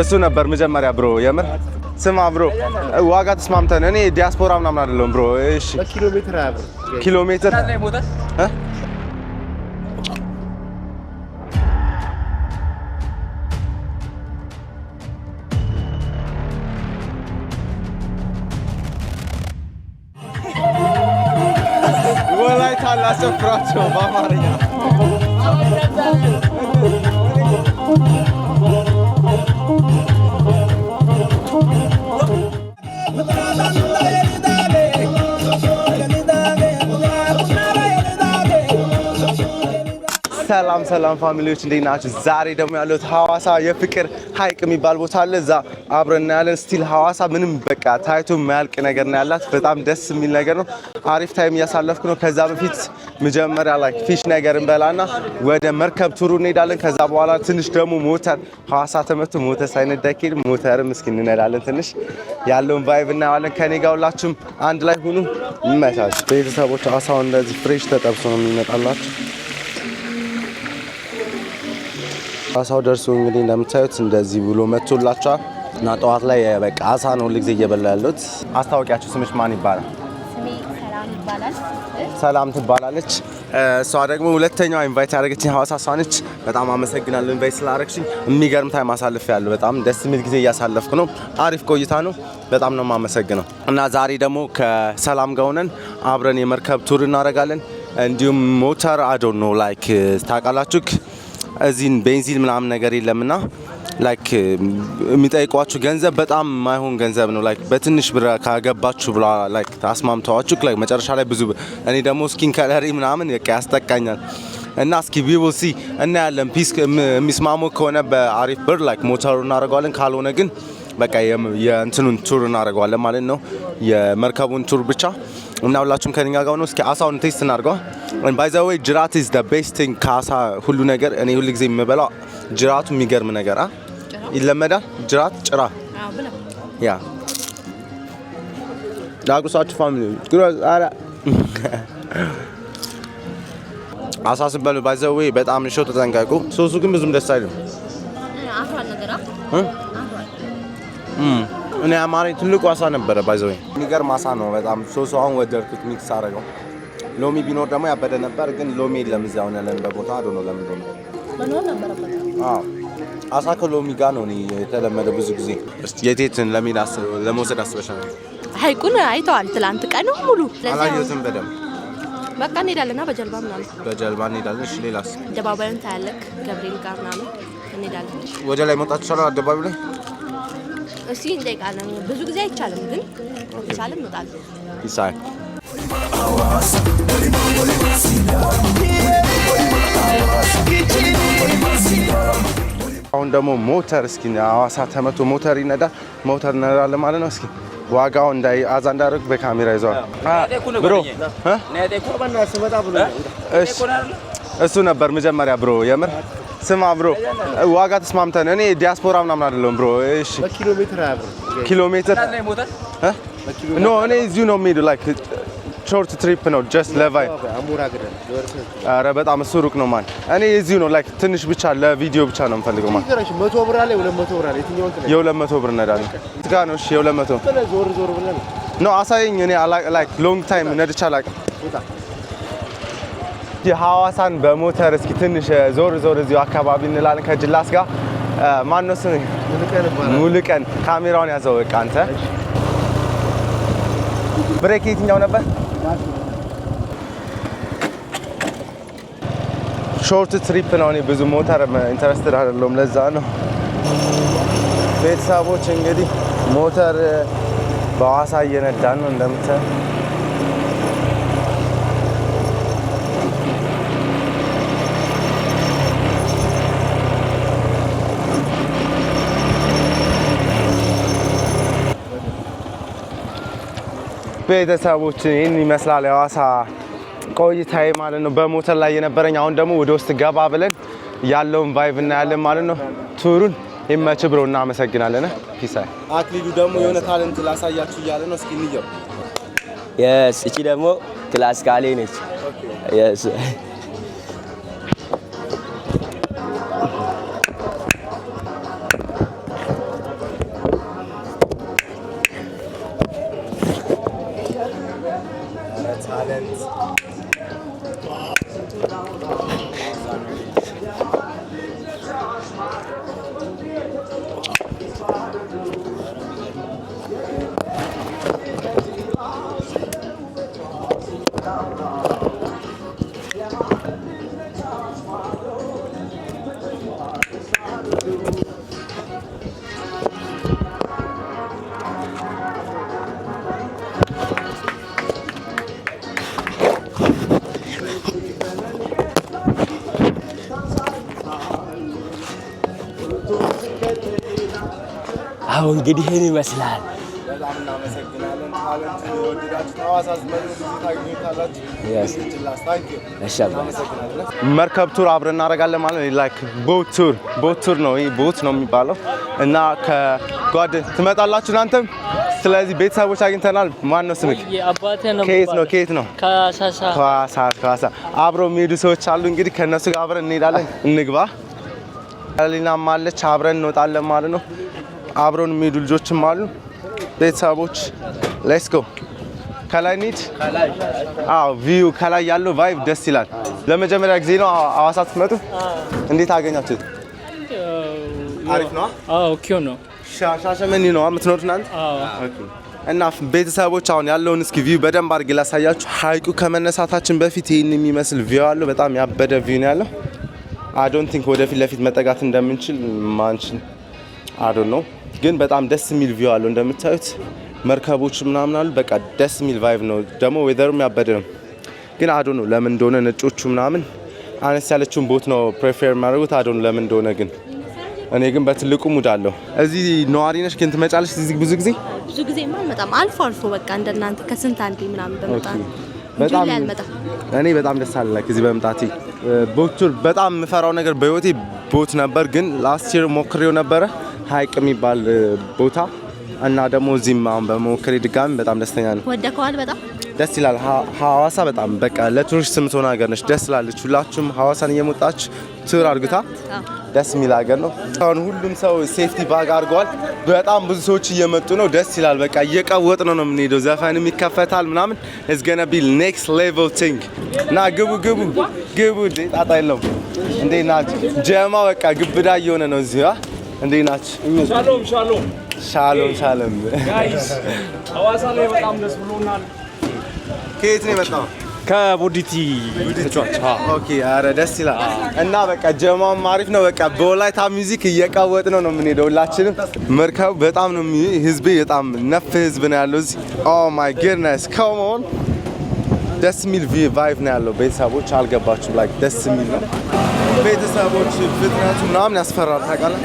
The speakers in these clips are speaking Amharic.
እሱ ነበር መጀመሪያ። ብሮ የምር ስማ ብሮ ዋጋ ተስማምተን እኔ ዲያስፖራ ምናምን አይደለሁም ብሮ። እሺ ኪሎ ሜትር ሰላም ሰላም ፋሚሊዎች እንዴት ናችሁ? ዛሬ ደግሞ ያለሁት ሀዋሳ የፍቅር ሀይቅ የሚባል ቦታ አለ። እዛ አብረን እናያለን። ስቲል ሀዋሳ ምንም በቃ ታይቶ የማያልቅ ነገር ነው ያላት። በጣም ደስ የሚል ነገር ነው። አሪፍ ታይም እያሳለፍኩ ነው። ከዛ በፊት መጀመሪያ ላይ ፊሽ ነገር እንበላና ወደ መርከብ ቱሩ እንሄዳለን። ከዛ በኋላ ትንሽ ደግሞ ሞተር ሀዋሳ ተመቶ ሞተር ሳይነዳ አይኬድም። ሞተርም እስኪ እንነዳለን። ትንሽ ያለውን ቫይብ እናየዋለን። ከኔ ጋር ሁላችሁም አንድ ላይ ሁኑ። ይመቻች ቤተሰቦች። ሀዋሳው እንደዚህ ፍሬሽ ተጠብሶ ነው የሚመጣላችሁ አሳው ደርሶ እንግዲህ እንደምታዩት እንደዚህ ብሎ መቶላችኋል እና ጠዋት ላይ በቃ አሳ ነው ሁልጊዜ እየበላ ያለሁት። አስታወቂያችሁ ስምሽ ማን ይባላል? ሰላም ትባላለች። እሷ ደግሞ ሁለተኛዋ ኢንቫይት ያደረገችኝ ሀዋሳ እሷ ነች። በጣም አመሰግናለሁ ኢንቫይት ስላደረግሽኝ። የሚገርም ታይም አሳልፍ ያለሁ በጣም ደስ የሚል ጊዜ እያሳለፍኩ ነው። አሪፍ ቆይታ ነው። በጣም ነው የማመሰግነው እና ዛሬ ደግሞ ከሰላም ጋር ሆነን አብረን የመርከብ ቱር እናደርጋለን። እንዲሁም ሞተር አዶ ነው ላይክ ታውቃላችሁ እዚህን ቤንዚን ምናምን ነገር የለምና ላይክ የሚጠይቋችሁ ገንዘብ በጣም ማይሆን ገንዘብ ነው። ላይክ በትንሽ ብር ካገባችሁ ብላ ላይክ ታስማምተዋችሁ ላይክ መጨረሻ ላይ ብዙ እኔ ደግሞ ስኪን ከለሪ ምናምን በቃ ያስጠቃኛል። እና እስኪ ቢቦሲ እና ያለን ፒስ የሚስማሙ ከሆነ በአሪፍ ብር ላይክ ሞተሩ እናደርገዋለን። ካልሆነ ግን በቃ የእንትኑን ቱር እናደርገዋለን ማለት ነው፣ የመርከቡን ቱር ብቻ እና ሁላችሁም ከኛ ጋር ነው። እስኪ አሳውን ቴስት እናደርገዋል ባይዛዌ ጅራት ኢዝ ደ ቤስት ቲንግ ካሳ ሁሉ ነገር። እኔ ሁሉ ጊዜ የምበላው ጅራቱ የሚገርም ነገር ይለመዳል። ጅራት ጭራ ያ ዳጉሳችሁ ፋሚሊ አሳ ስበሉ ባይዘዌ በጣም ንሾ ተጠንቀቁ። ሶሱ ግን ብዙም ደስ አይልም። እኔ አማሪ ትልቁ አሳ ነበረ ባይዘዌ፣ የሚገርም አሳ ነው በጣም ሶሱ። አሁን ወደድኩት ሚክስ አደረገው። ሎሚ ቢኖር ደግሞ ያበደ ነበር፣ ግን ሎሚ የለም እዚያ አሁን ያለን በቦታ አዶ ነው። ለምን ነው መኖር ነበረበት? አዎ አሳ ከሎሚ ጋር ነው የተለመደ ብዙ ጊዜ። እስቲ የቴትን ለሚል ለመውሰድ አስበሻ? ሀይቁን አይተዋል ትላንት ቀን ሙሉ አላየሁትም በደምብ በቃ እንሄዳለና በጀልባ ምናምን በጀልባ እንሄዳለን። እሺ ሌላስ? አደባባዩን ታያለክ ገብርኤል ጋር ምናምን እንሄዳለን። ወደ ላይ መውጣት ይቻላል አደባባዩ ላይ እስኪ እንጠይቃለን። ብዙ ጊዜ አይቻልም፣ ግን ሳልም እንወጣለን። ይሳይ አሁን ደግሞ ሞተር እስኪ አዋሳ ተመቶ ሞተር ይነዳል። ሞተር እንነዳለን ማለት ነው። እስኪ ዋጋው እንዳይ አዛ እንዳደረግ በካሜራ ይዘዋል ብሮ። እሱ ነበር መጀመሪያ ብሮ። የምር ስማ ብሮ፣ ዋጋ ተስማምተን እኔ ዲያስፖራ ምናምን አይደለም ብሮ። እሺ ኪሎ ሜትር ኖ እኔ እዚሁ ነው የሚሄዱ ላይክ ሾርት ትሪፕ ነው ጀስት ለቫይ ኧረ በጣም እሱ ሩቅ ነው ማን እኔ የዚሁ ነው ላይክ ትንሽ ብቻ ለቪዲዮ ብቻ ነው የምፈልገው ማን የሁለት መቶ ብር ነዳለ ትጋ ነው የሁለት መቶ ኖ አሳየኝ እኔ ላይክ ሎንግ ታይም ነድቻ አላውቅም የሐዋሳን በሞተር እስኪ ትንሽ ዞር ዞር እዚሁ አካባቢ እንላለን ከጅላስ ጋር ማነው ስሜ ሙሉቀን ካሜራውን ያዘው በቃ አንተ ብሬክ የትኛው ነበር? ሾርት ትሪፕ ነው። እኔ ብዙ ሞተር ኢንተረስትድ አይደለሁም። ለዛ ነው ቤተሰቦች። እንግዲህ ሞተር በሐዋሳ እየነዳን ነው እንደምታየው ቤተሰቦች ይህን ይመስላል የሐዋሳ ቆይታዬ ማለት ነው በሞተር ላይ የነበረኝ። አሁን ደግሞ ወደ ውስጥ ገባ ብለን ያለውን ቫይቭ እናያለን ማለት ነው። ቱሩን ይመች ብሮ እናመሰግናለን። ፒሳ አክሊሉ ደግሞ የሆነ ታለንት ላሳያችሁ እያለ ነው። እስኪ እንየው። የስ እቺ ደግሞ ክላስ ካሌ ነች። ያው እንግዲህ ይህን ይመስላል። በጣም እናመሰግናለን። ታለንት ወደዳችሁ ሐዋሳ መርከብ ቱር አብረን እናደርጋለን ማለት ነው። ላይክ ቦት ቱር ቦት ቱር ነው ቦት ነው የሚባለው እና ከጓድ ትመጣላችሁ እናንተም። ስለዚህ ቤተሰቦች አግኝተናል። ማን ነው ስምክ? ከየት ነው ከየት ነው? ከዋሳ አብረው የሚሄዱ ሰዎች አሉ። እንግዲህ ከእነሱ ጋር አብረን እንሄዳለን። እንግባ ሊናም አለች። አብረን እንወጣለን ማለት ነው። አብረውን የሚሄዱ ልጆችም አሉ። ቤተሰቦች ጎ ከላይ ኒድ አዎ፣ ቪዩ ከላይ ያለው ቫይብ ደስ ይላል። ለመጀመሪያ ጊዜ ነው አዋሳ ስትመጡ? እንዴት አገኛችሁት? አሪፍ ነው። አዎ፣ ኪዮ ነው። ሻሸመኔ ነው የምትኖሩት እናንተ? እና ቤተሰቦች አሁን ያለውን እስኪ ቪው በደንብ አድርጌ ላሳያችሁ። ሀይቁ ከመነሳታችን በፊት ይህን የሚመስል ቪው አለው። በጣም ያበደ ቪው ነው ያለው። አይ ዶንት ቲንክ ወደፊት ለፊት መጠጋት እንደምንችል ማንችል አይ ዶንት ኖው ግን በጣም ደስ የሚል ቪው አለው እንደምታዩት መርከቦች ምናምን አሉ። በቃ ደስ የሚል ቫይቭ ነው። ደግሞ ዌዘሩ ያበደ ነው። ግን አዶ ነው ለምን እንደሆነ ነጮቹ ምናምን አነስ ያለችውን ቦት ነው ፕሬፌር የሚያደርጉት አዶ ነው ለምን እንደሆነ ግን እኔ ግን በትልቁ ሙድ አለው። እዚህ ነዋሪ ነሽ ግን ትመጫለሽ? እዚህ ብዙ ጊዜ ብዙ ጊዜ በጣም አልፎ አልፎ በቃ እንደናንተ ከስንት አንዴ ምናምን በመጣ በጣም እኔ በጣም ደስ አለ እዚህ በመምጣቴ። ቦቱን በጣም የምፈራው ነገር በህይወቴ ቦት ነበር፣ ግን ላስት ይር ሞክሬው ነበረ ሀይቅ የሚባል ቦታ እና ደግሞ እዚህም አሁን በመሞከሬ ድጋሚ በጣም ደስተኛ ነው። ወደከዋል። በጣም ደስ ይላል። ሀዋሳ በጣም በቃ ለቱሪስት የምትሆን ሀገር ነች። ደስ ይላለች። ሁላችሁም ሀዋሳን እየመጣች ትር አድርግታ ደስ የሚል ሀገር ነው። አሁን ሁሉም ሰው ሴፍቲ ባግ አድርገዋል። በጣም ብዙ ሰዎች እየመጡ ነው። ደስ ይላል። በቃ እየቀወጥ ነው ነው የምንሄደው። ዘፈንም ይከፈታል ምናምን እዝገነ ቢል ኔክስት ሌቨል ቲንግ እና ግቡ ግቡ ግቡ ጣጣ የለውም እንዴ ናት ጀማ በቃ ግብዳ እየሆነ ነው እዚህ እንዴት ናችሁ? ሻሎም ሻሎም ሻሎም ሻሎም። ጋይስ ሐዋሳ ላይ በጣም ደስ ብሎናል። ከየት ነው የመጣው? ከቦዲቲ ተጫዋች። ኦኬ፣ አረ ደስ ይላል። እና በቃ ጀማም አሪፍ ነው። በቃ በወላይታ ሚውዚክ እየቀወጥ ነው ነው የምንሄደው ሁላችንም። መርከብ በጣም ነው ህዝብ፣ በጣም ነፍ ህዝብ ነው ያለው እዚህ። ኦ ማይ ጉድነስ ካም ኦን። ደስ የሚል ቫይቭ ነው ያለው። ቤተሰቦች አልገባችሁም? ላይክ ደስ የሚል ነው ቤተሰቦች ፍጥነቱ ምናምን ያስፈራል ታውቃለህ።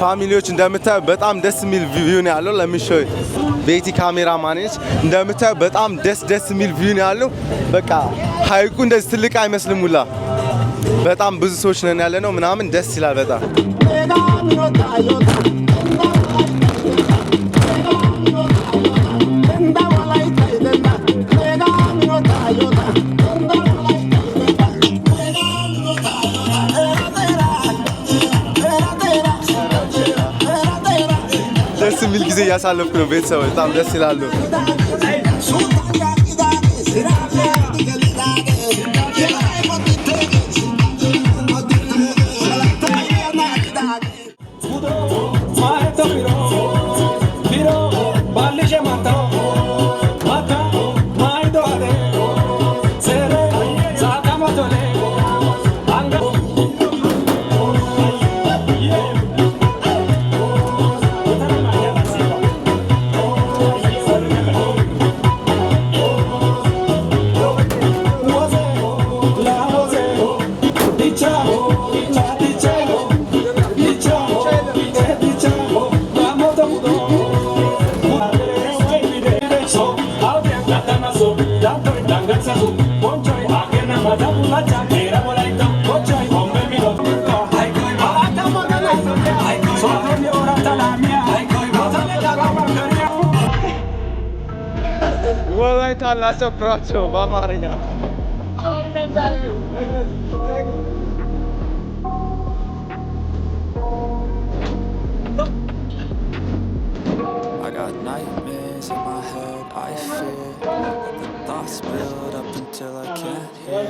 ፋሚሊዎች እንደምታዩ በጣም ደስ የሚል ቪው ነው ያለው። ለሚሾ ቤቲ ካሜራ ማኔጅ እንደምታዩ በጣም ደስ ደስ የሚል ቪው ነው ያለው። በቃ ሀይቁ እንደዚህ ትልቅ አይመስልም ሁላ በጣም ብዙ ሰዎች ነን ያለ ነው ምናምን ደስ ይላል በጣም ደስ የሚል ጊዜ እያሳለፍኩ ነው። ቤተሰቦች በጣም ደስ ይላሉ። kaso procho, baka makarin I got nightmares in my head, I fear The thoughts build up until I can't hear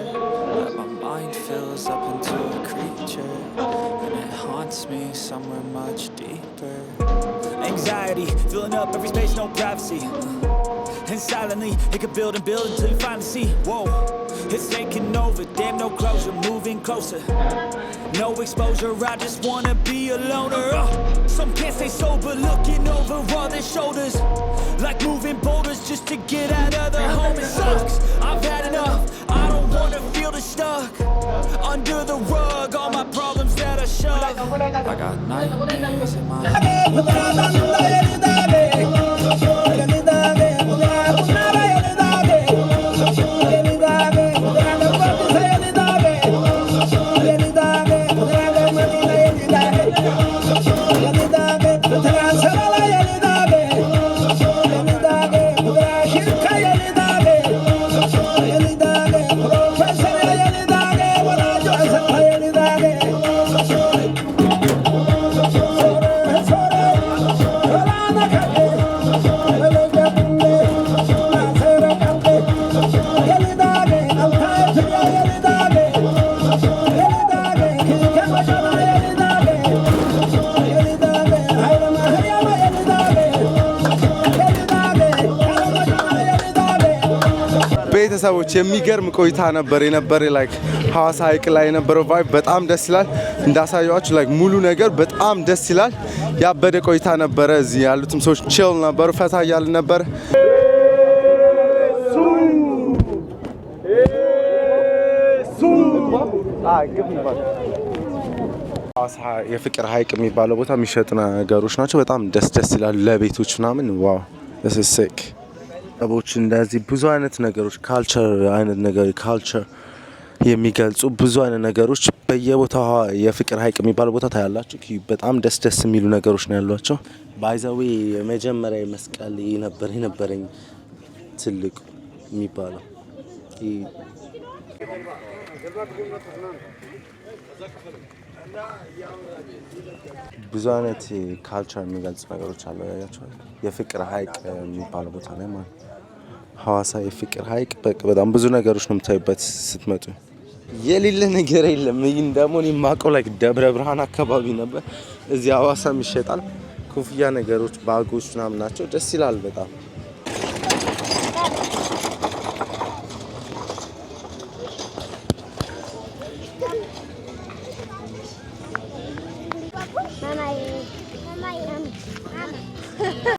That my mind fills up into a creature And it haunts me somewhere much deeper Anxiety, filling up every space, no privacy and silently, it could build and build until you finally see. Whoa, it's taking over. Damn, no closure, moving closer. No exposure, I just wanna be a loner. Uh, some can't stay sober, looking over all their shoulders. Like moving boulders just to get out of their home. It sucks, I've had enough. I don't wanna feel the stuck. Under the rug, all my problems that I shove. I got nightmares in my head. ቤተሰቦች የሚገርም ቆይታ ነበር የነበረ። ላይክ ሀዋሳ ሀይቅ ላይ የነበረው ቫይብ በጣም ደስ ይላል። እንዳሳየዋችሁ ላይክ ሙሉ ነገር በጣም ደስ ይላል። ያበደ ቆይታ ነበረ። እዚህ ያሉትም ሰዎች ችል ነበሩ፣ ፈታ እያልን ነበር። ሀዋሳ የፍቅር ሀይቅ የሚባለው ቦታ የሚሸጥ ነገሮች ናቸው። በጣም ደስ ደስ ይላሉ። ለቤቶች ምናምን ዋው ስስክ ጠቦች እንደዚህ ብዙ አይነት ነገሮች ካልቸር አይነት ነገር ካልቸር የሚገልጹ ብዙ አይነት ነገሮች በየቦታው የፍቅር ሀይቅ የሚባል ቦታ ታያላችሁ። በጣም ደስ ደስ የሚሉ ነገሮች ነው ያሏቸው። ባይዘዌ የመጀመሪያ መስቀል ነበር የነበረኝ ትልቁ የሚባለው ብዙ አይነት ካልቸር የሚገልጽ ነገሮች አሉ። ያያቸዋል። የፍቅር ሀይቅ የሚባለው ቦታ ላይ ማለት ሀዋሳ የፍቅር ሀይቅ በቃ በጣም ብዙ ነገሮች ነው የምታዩበት ስትመጡ። የሌለ ነገር የለም። ይህን ደግሞ እኔ የማውቀው ላይ ደብረ ብርሃን አካባቢ ነበር። እዚህ ሀዋሳም ይሸጣል። ኮፍያ ነገሮች ባጎች ምናምን ናቸው። ደስ ይላል በጣም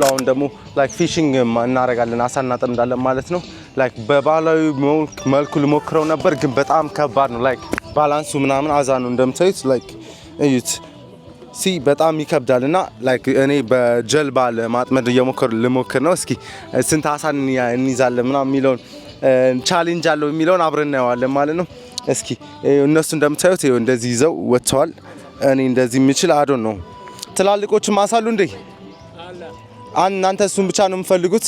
አሁን ደግሞ ላይክ ፊሽንግ um, እናደርጋለን አሳ እናጠምዳለን ማለት ነው። ላይክ በባህላዊ መልኩ ልሞክረው ነበር ግን በጣም ከባድ ነው። ላይክ ባላንሱ ምናምን አዛ ነው እንደምታዩት ላይክ እዩት ሲ በጣም ይከብዳል እና ላይክ እኔ በጀልባ ለማጥመድ እየሞከር ልሞክር ነው። እስኪ ስንት አሳን እንይዛለን ምናምን የሚለውን ቻሌንጅ አለው የሚለውን አብረን እናየዋለን ማለት ነው። እስኪ እነሱ እንደምታዩት እንደዚህ ይዘው ወጥተዋል። እኔ እንደዚህ የምችል አዶን ነው። ትላልቆችም አሳሉ እንዴ? እናንተ እሱን ብቻ ነው የምፈልጉት?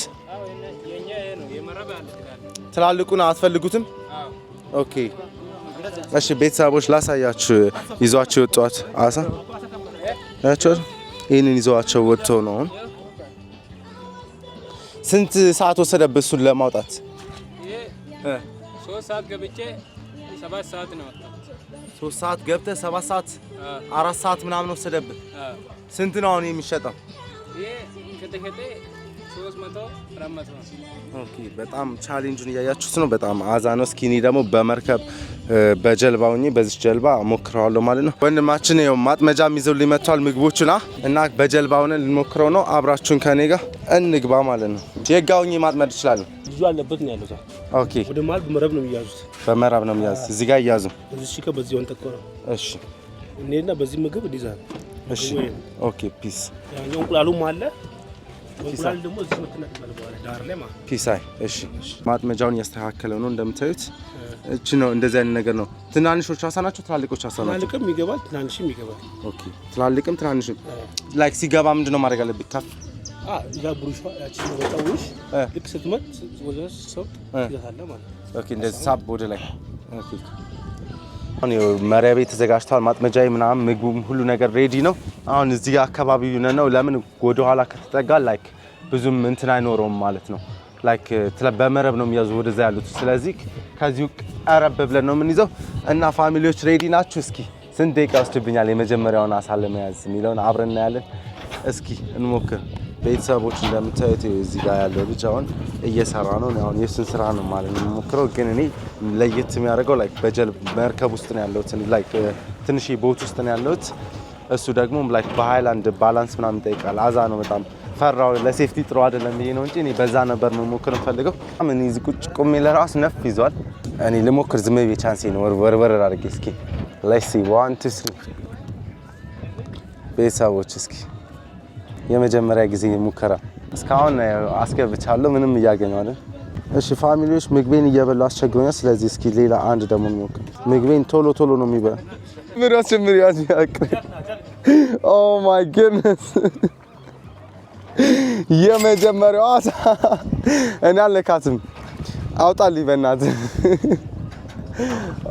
ትላልቁን አትፈልጉትም? ኦኬ እሺ ቤተሰቦች ላሳያችሁ። ይዟቸው ወጥቷት አሳ ያቸው ይህንን ይዘዋቸው ወጥተው ነው። ስንት ሰዓት ወሰደብህ እሱን ለማውጣት? ሶስት ሰዓት ገብተህ ሰባት ሰዓት አራት ሰዓት ምናምን ወሰደብህ። ስንት ነው አሁን የሚሸጠው? ኦኬ በጣም ቻሌንጁን እያያችሁት ነው። በጣም አዛ ነው። እስኪኒ ደግሞ በመርከብ በጀልባ ሆኜ በዚህ ጀልባ ሞክረዋለሁ ማለት ነው። ወንድማችን ይኸው ማጥመጃ ይዘው ሊመቷል ምግቦቹና እና በጀልባ ሆነ ልንሞክረው ነው። አብራችሁን ከኔ ጋር እንግባ ማለት ነው። የጋ ማጥመድ ይችላል። ብዙ አለበት ነው ያለው። ኦኬ ወደ ማለት በመረብ ነው የሚያዙት። በመረብ ነው የሚያዙት። እዚህ ጋር እያዙ እዚህ ጋር በዚህ ወንጠቆ ነው። እሺ እኔና በዚህ ምግብ ዲዛይን። እሺ ኦኬ ፒስ ያኛው እንቁላሉም አለ ፒሳይ እሺ፣ ማጥመጃውን እያስተካከለ ነው እንደምታዩት። እች ነው እንደዚህ አይነት ነገር ነው። ትናንሾች አሳ ናቸው፣ ትላልቆች አሳ ናቸው። ትላልቅም ይገባል፣ ትናንሽም ይገባል። ኦኬ፣ ትላልቅም ትናንሽም። ላይክ ሲገባ ምንድን ነው ማድረግ አለብኝ? ካፍ ልክ ስትመጥ ወደ ሰው ይዛታለ ማለት ኦኬ፣ እንደዚህ ሳብ ወደ ላይ ኦኬ መሪያ ቤት ተዘጋጅቷል። ማጥመጃ ምናምን ምግቡም ሁሉ ነገር ሬዲ ነው። አሁን እዚህ አካባቢ ነው። ለምን ወደኋላ ከተጠጋ ላይክ ብዙም እንትን አይኖረውም ማለት ነው። ላይክ በመረብ ነው የሚያዙ ወደዛ ያሉት። ስለዚህ ከዚሁ ቀረብ ብለን ነው የምንይዘው እና ፋሚሊዎች ሬዲ ናችሁ? እስኪ ስንት ደቂቃ ውስድብኛል የመጀመሪያውን አሳ ለመያዝ የሚለውን አብረን እናያለን። እስኪ እንሞክር። ቤተሰቦች እንደምታዩት እዚህ ጋር ያለው ልጅ አሁን እየሰራ ነው። አሁን የእሱን ስራ ነው ማለት ነው የምሞክረው። ግን እኔ ለየት የሚያደርገው ላይ በጀልብ መርከብ ውስጥ ነው ያለሁት፣ ላይ ትንሽ ቦት ውስጥ ነው ያለሁት። እሱ ደግሞ ላይ በሃይላንድ ባላንስ ምናምን ይጠይቃል። አዛ ነው በጣም ፈራው። ለሴፍቲ ጥሩ አይደለም ይሄ ነው እንጂ እኔ በዛ ነበር መሞክር የምፈልገው። ምን እዚህ ቁጭ ቁሜ ለራሱ ነፍ ይዟል። እኔ ልሞክር ዝም ብዬ ቻንሴ ነው ወርወርወር አድርጌ እስኪ ሌትስ ሲ ዋን ቱ ስሪ ቤተሰቦች እስኪ የመጀመሪያ ጊዜ ሙከራ እስካሁን አስገብቻለሁ። ምንም እያገኘዋለን። እሺ ፋሚሊዎች ምግቤን እየበሉ አስቸግሮኛል። ስለዚህ እስኪ ሌላ አንድ ደግሞ የሚሞክር ምግቤን ቶሎ ቶሎ ነው የሚበላ ማይ oh የመጀመሪያው አሳ እኔ አለካትም አውጣልኝ በእናትህ።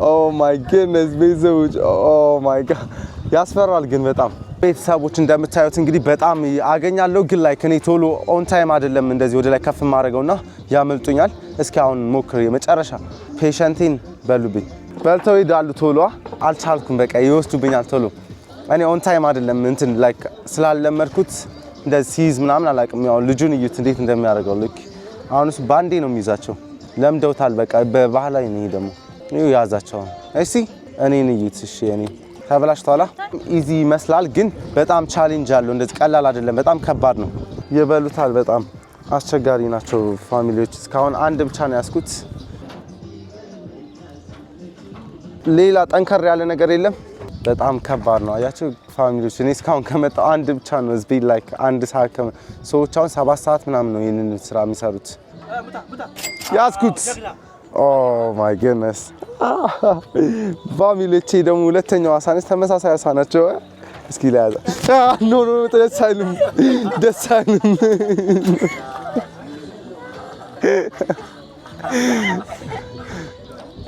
ኦ ማይ ግድነስ ቤተሰቦች፣ ኦ ማይ ጋድ ያስፈራል ግን በጣም ቤተሰቦች እንደምታዩት እንግዲህ በጣም አገኛለሁ፣ ግን ላይ እኔ ቶሎ ኦን ታይም አይደለም እንደዚህ ወደ ላይ ከፍ ና ያመልጡኛል። እስኪ አሁን ሞክር የመጨረሻ ፔሸንቴን በሉብኝ። በልተው ዳሉ ቶሎ። አልቻልኩም፣ በቃ ይወስዱብኛል ቶሎ። እኔ ኦን ታይም አይደለም እንትን ላይክ ስላለመድኩት እንደዚህ ሲይዝ ምናምን አላውቅም። ያው ልጁን እዩት እንዴት እንደሚያደርገው ልክ አሁን ባንዴ ነው የሚይዛቸው። ለምደውታል በቃ በባህላዊ ነው ደግሞ ያዛቸው። እሺ እኔን እዩት እሺ እኔ ተበላሽቷላ። ኢዚ ይመስላል ግን በጣም ቻሌንጅ አለው። እንደዚህ ቀላል አይደለም፣ በጣም ከባድ ነው። ይበሉታል። በጣም አስቸጋሪ ናቸው ፋሚሊዎች። እስካሁን አንድ ብቻ ነው ያስኩት። ሌላ ጠንከር ያለ ነገር የለም። በጣም ከባድ ነው አያቸው ፋሚሊዎች። እኔ እስካሁን ከመጣው አንድ ብቻ ነው ዝቢ ላይክ አንድ ሰዓት ሰዎች አሁን ሰባት ሰዓት ምናምን ነው ይህንን ስራ የሚሰሩት ያስኩት። ኦ ማይ ጎድነስ ባሚሎቼ ደግሞ ሁለተኛው አሳ ነች። ተመሳሳይ አሳ ናቸው። እስኪ ለያዘ ኖ ኖ ደስ አይልም፣ ደስ አይልም።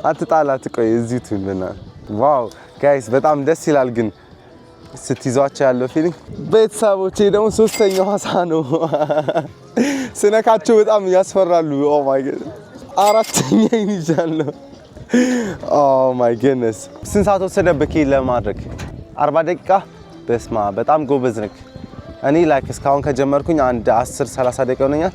አትጣላት፣ ቆይ እዚሁ ቱን ዋው ጋይስ በጣም ደስ ይላል ግን ስትይዟቸው ያለው ፊሊንግ። ቤተሰቦቼ ደግሞ ሶስተኛው አሳ ነው። ስነካቸው በጣም ያስፈራሉ። ኦ ማይ ጋድ አራተኛ ይንጃል ማይ oh ግነስ ስንት ሰዓት ወሰደብህ ለማድረግ? አርባ ደቂቃ። በስማ በጣም ጎበዝ ነክ። እኔ ላይክ እስካሁን ከጀመርኩኝ አንድ 10 30 ደቂቃ ሆነኛል፣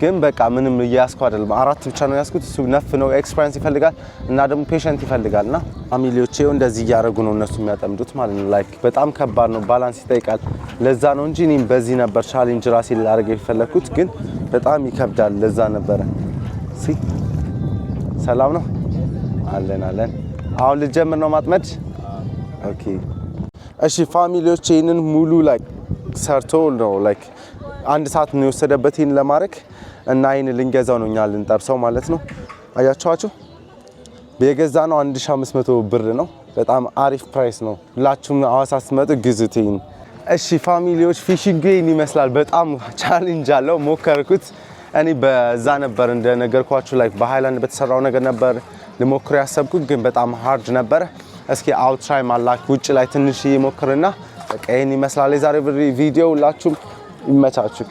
ግን በቃ ምንም እያያዝኩ አይደለም። አራት ብቻ ነው ያዝኩት። እሱ ነፍ ነው፣ ኤክስፐሪንስ ይፈልጋል እና ደግሞ ፔሸንት ይፈልጋል። እና ፋሚሊዎቼ እንደዚህ እያደረጉ ነው እነሱ የሚያጠምዱት ማለት ነው። ላይክ በጣም ከባድ ነው፣ ባላንስ ይጠይቃል። ለዛ ነው እንጂ እኔም በዚህ ነበር ቻሌንጅ ራሴ ላደርገው የፈለግኩት፣ ግን በጣም ይከብዳል። ለዛ ነበረ። ሰላም ነው አለን አለን። አሁን ልጀምር ነው ማጥመድ። ኦኬ እሺ ፋሚሊዎች ይህንን ሙሉ ላይ ሰርቶ ነው ላይክ አንድ ሰዓት ነው የወሰደበት ይህን ለማድረግ እና ይህን ልንገዛው ነው እኛ ልንጠብሰው ማለት ነው። አያችኋችሁ የገዛ ነው 1500 ብር ነው። በጣም አሪፍ ፕራይስ ነው። ሁላችሁም አዋሳ ስትመጡ ግዙት ይህን። እሺ ፋሚሊዎች ፊሽንግ ይህን ይመስላል። በጣም ቻሌንጅ አለው። ሞከርኩት እኔ በዛ ነበር እንደነገርኳችሁ ላይ በሃይላንድ በተሰራው ነገር ነበር ልሞክር ያሰብኩት ግን በጣም ሀርድ ነበረ። እስኪ አውትራይ ማላክ ውጭ ላይ ትንሽ ይሞክርና በቃ ይህን ይመስላል የዛሬ ቪዲዮ። ሁላችሁም ይመቻችሁ።